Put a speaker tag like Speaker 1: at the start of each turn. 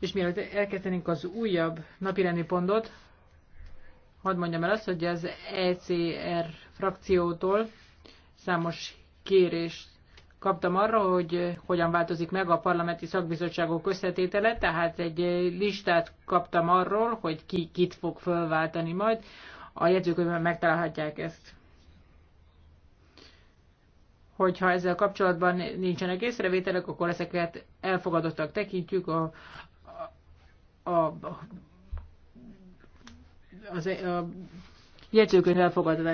Speaker 1: És mielőtt elkezdenénk az újabb napirendi pontot, hadd mondjam el azt, hogy az ECR frakciótól számos kérést kaptam arra, hogy hogyan változik meg a parlamenti szakbizottságok összetétele, tehát egy listát kaptam arról, hogy ki kit fog fölváltani majd. A jegyzőkönyvben megtalálhatják ezt. Hogyha ezzel kapcsolatban nincsenek észrevételek, akkor ezeket elfogadottak tekintjük. A az, a
Speaker 2: jegyzőkönyv elfogadva